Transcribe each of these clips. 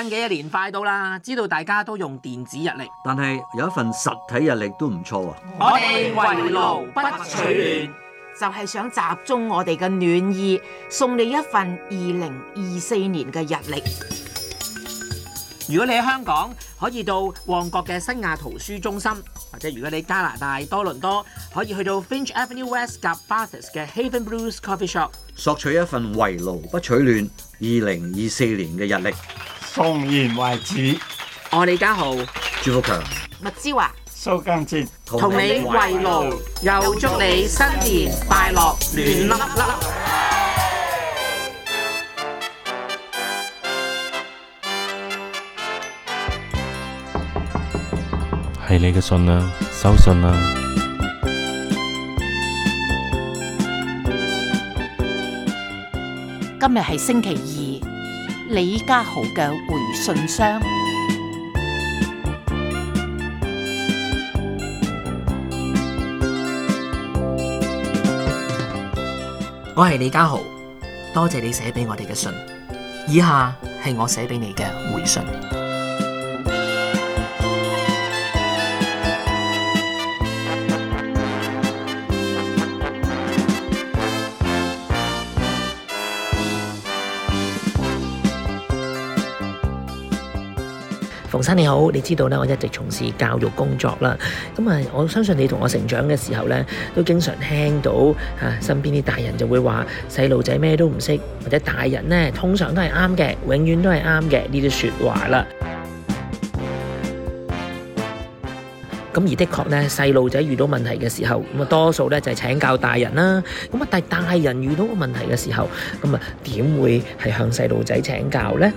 新嘅一年快到啦，知道大家都用電子日曆，但係有一份實體日曆都唔錯啊！我哋為勞不取暖，就係想集中我哋嘅暖意，送你一份2024年嘅日曆。如果你喺香港，可以到旺角嘅新亞圖書中心，或者如果你加拿大多倫多，可以去到 Finch Avenue West 加 Bathurst 嘅 Haven Blues Coffee Shop，索取一份為勞不取暖2024年嘅日曆。同言為止，我李家豪、朱福強、麥之華、蘇更節，同你為勞，又祝你新年快樂，暖粒粒。係你嘅信啊，收信啊！今日係星期二。李家豪嘅回信箱，我係李家豪，多謝你寫俾我哋嘅信，以下，係我寫俾你嘅回信。馮生你好，你知道咧，我一直從事教育工作啦。咁啊，我相信你同我成長嘅時候咧，都經常聽到嚇、啊、身邊啲大人就會話細路仔咩都唔識，或者大人咧通常都係啱嘅，永遠都係啱嘅呢啲説話啦。咁而的確咧，細路仔遇到問題嘅時候，咁啊多數咧就係、是、請教大人啦。咁啊，但但係大人遇到個問題嘅時候，咁啊點會係向細路仔請教呢？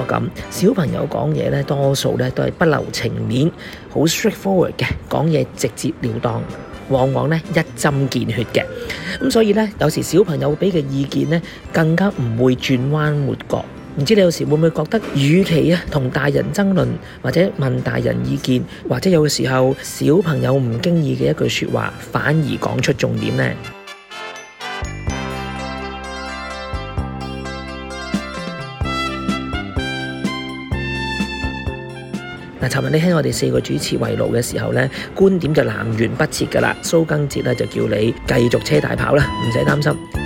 咁，小朋友講嘢咧，多數咧都係不留情面，好 straightforward 嘅，講嘢直接了當，往往咧一針見血嘅。咁所以咧，有時小朋友俾嘅意見咧，更加唔會轉彎抹角。唔知你有時會唔會覺得，與其啊同大人爭論，或者問大人意見，或者有嘅時候，小朋友唔經意嘅一句說話，反而講出重點呢？嗱，尋日你聽我哋四個主持圍爐嘅時候咧，觀點就南轅北轍㗎啦。蘇更哲就叫你繼續車大炮啦，唔使擔心。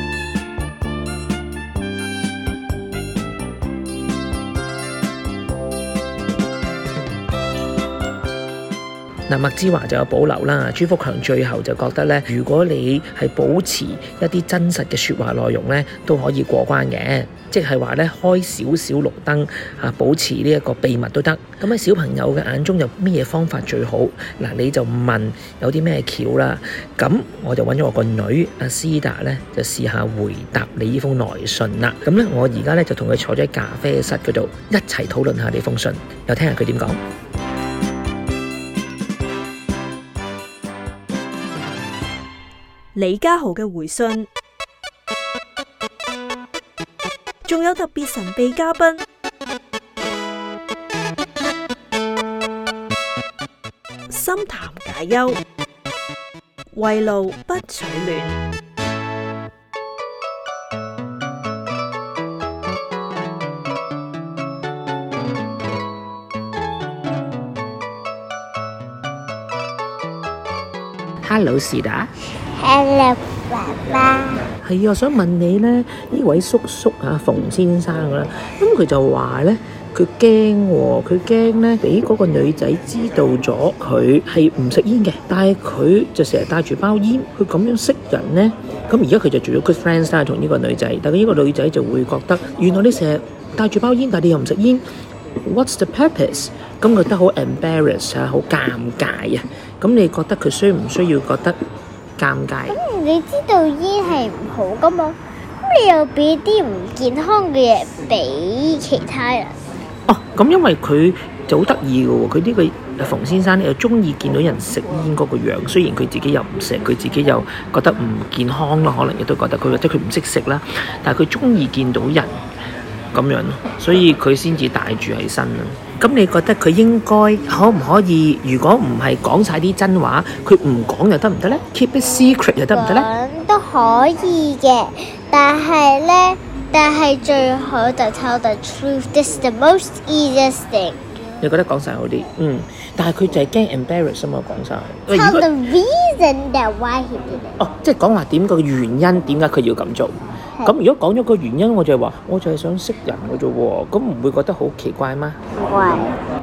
嗱，麥之華就有保留啦。朱福強最後就覺得咧，如果你係保持一啲真實嘅説話內容咧，都可以過關嘅，即係話咧，開少少綠燈啊，保持呢一個秘密都得。咁喺小朋友嘅眼中有咩方法最好？嗱，你就問有啲咩橋啦。咁我就揾咗我個女阿思達呢，就試下回答你呢封來信啦。咁呢，我而家呢，就同佢坐咗喺咖啡室嗰度一齊討論下呢封信，又聽下佢點講。李家豪嘅回信，仲有特別神秘嘉賓，心談解憂，為路不取暖。Hello，Cida。Hello 爸爸，係啊！我想問你呢，呢位叔叔啊，馮先生啦，咁佢就話呢，佢驚喎，佢驚呢，俾嗰個女仔知道咗佢係唔食煙嘅，但係佢就成日帶住包煙，佢咁樣識人呢，咁而家佢就做咗 good friends 啦，同呢個女仔，但係呢個女仔就會覺得原來你成日帶住包煙，但係你又唔食煙，what's the purpose？咁覺得好 embarrass 啊，好尷尬啊。咁你覺得佢需唔需要覺得？尷尬。咁你知道煙係唔好噶嘛？咁你又俾啲唔健康嘅嘢俾其他人。哦，咁因為佢就好得意嘅喎，佢呢個馮先生咧又中意見到人食煙嗰個樣，雖然佢自己又唔食，佢自己又覺得唔健康咯，可能亦都覺得佢或者佢唔識食啦，但係佢中意見到人。咁樣，所以佢先至帶住起身啊！咁你覺得佢應該可唔可以？如果唔係講晒啲真話，佢唔講又得唔得咧？Keep it secret 又得唔得咧？都可以嘅，但係咧，但係最好就 tell the truth, this is the most easiest thing。你覺得講晒好啲，嗯，但係佢就係驚 embarrass 啊嘛，講晒 tell the reason that why he did it。哦，即係講話點個原因，點解佢要咁做？咁如果講咗個原因，我就係話，我就係想識人嘅啫喎，咁唔會覺得好奇怪嗎？唔怪，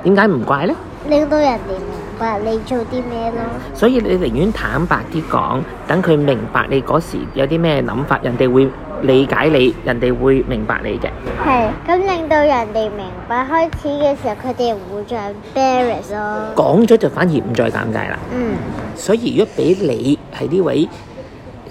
點解唔怪呢？令到人哋明白你做啲咩咯。所以你寧願坦白啲講，等佢明白你嗰時有啲咩諗法，人哋會理解你，人哋會明白你嘅。係，咁令到人哋明白開始嘅時候，佢哋會再 barrier 咯。講咗就反而唔再尷尬啦。嗯。所以如果俾你係呢位。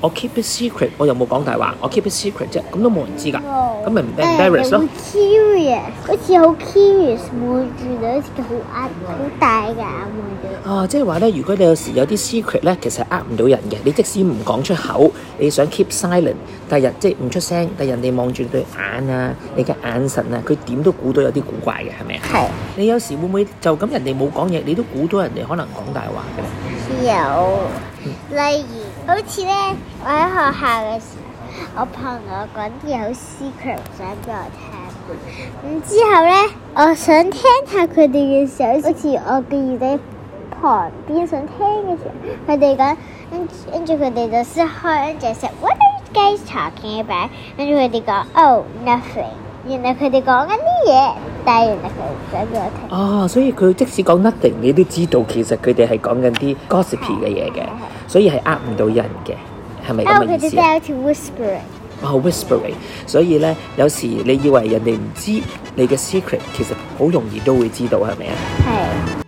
我 keep, it secret, I I keep it secret, a, a, a, a,oh, a you know, secret，我又冇講大話，我 keep a secret 啫，咁都冇人知噶，咁咪唔 bearish 咯。係，又會好似好 curious 望住你對好厄好大嘅眼望住。啊，即係話咧，如果你有時有啲 secret 咧，其實係呃唔到人嘅，你即使唔講出口，你想 keep silent，但係即係唔出聲，但人哋望住你對眼啊，你嘅眼神啊，佢點都估到有啲古怪嘅，係咪啊？係。你有時會唔會就咁人哋冇講嘢，你都估到人哋可能講大話嘅？有。例如。好似咧，我喺學校嘅時候，我朋友講啲好 secret 唔想俾我聽。咁之後咧，我想聽下佢哋嘅時候，好似我嘅耳仔旁邊想聽嘅時候，佢哋講，跟住佢哋就識開，跟住就 What are you guys talking about？跟住佢哋講，Oh, nothing。原嚟佢哋講緊啲嘢，但係原嚟佢唔想畀我聽。哦，所以佢即使講 nothing，你都知道其實佢哋係講緊啲 gossip 嘅嘢嘅，所以係呃唔到人嘅，係咪咁嘅意思？因為佢哋真係好似 whispering。哦，whispering，的所以咧，有時你以為人哋唔知你嘅 secret，其實好容易都會知道，係咪啊？係。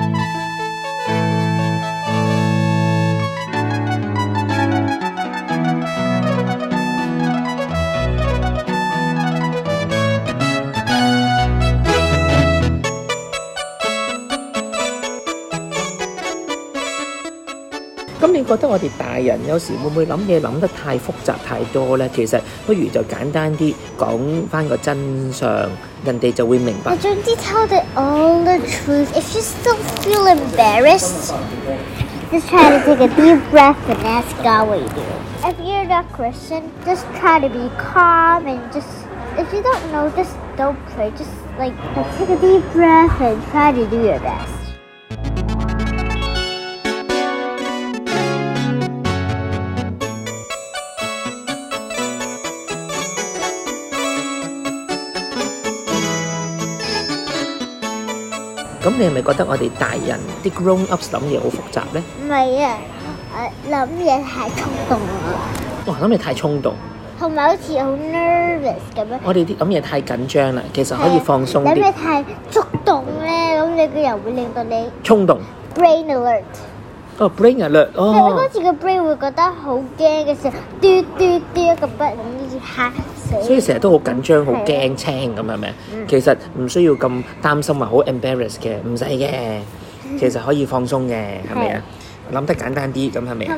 我覺得我哋大人有時會唔會諗嘢諗得太複雜太多呢？其實不如就簡單啲講翻個真相，人哋就會明白。The 咁你係咪覺得我哋大人啲 grown-ups 諗嘢好複雜咧？唔係啊，我諗嘢太衝動啦！哇、哦，諗嘢太衝動，同埋好似好 nervous 咁樣。我哋啲諗嘢太緊張啦，其實可以放鬆啲。諗嘢、啊、太衝動咧，咁你個人會、會令到你衝動。Brain alert。哦，brain 啊，略哦。係啊，嗰次個 brain 會覺得好驚嘅時候，嘟嘟嘟一個筆，容易嚇死。所以成日都好緊張，好驚青咁係咪啊？其實唔需要咁擔心話，好 embarrass 嘅，唔使嘅，其實可以放鬆嘅，係咪啊？諗得簡單啲咁係咪啊？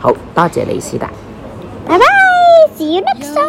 好多謝你，思達。拜拜，小粒生。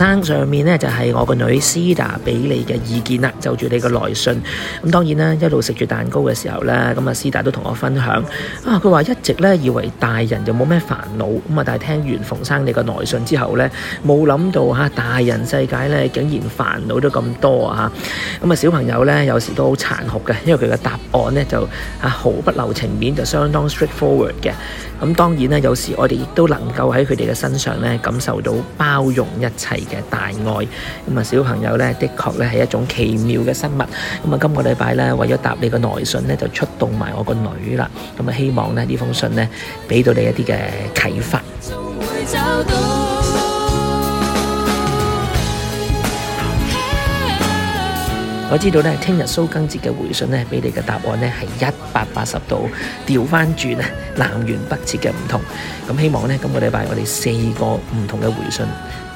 生上面呢，就係我個女思達俾你嘅意見啦，就住你個來信。咁當然啦，一路食住蛋糕嘅時候呢，咁啊思達都同我分享啊，佢話一直呢以為大人就冇咩煩惱，咁啊但係聽完馮生你個來信之後呢，冇諗到吓大人世界呢，竟然煩惱咗咁多啊！咁啊小朋友呢，有時都好殘酷嘅，因為佢嘅答案呢，就啊毫不留情面，就相當 straightforward 嘅。咁當然呢，有時我哋亦都能夠喺佢哋嘅身上呢，感受到包容一切嘅大愛，咁啊小朋友咧，的確咧係一種奇妙嘅生物。咁啊，今個禮拜咧，為咗答你嘅來信咧，就出動埋我個女啦。咁啊，希望咧呢封信咧，俾到你一啲嘅啟發。我知道咧，聽日蘇更節嘅回信咧，俾你嘅答案咧係一百八十度調翻轉啊，南轅北轍嘅唔同。咁希望咧，今個禮拜我哋四個唔同嘅回信。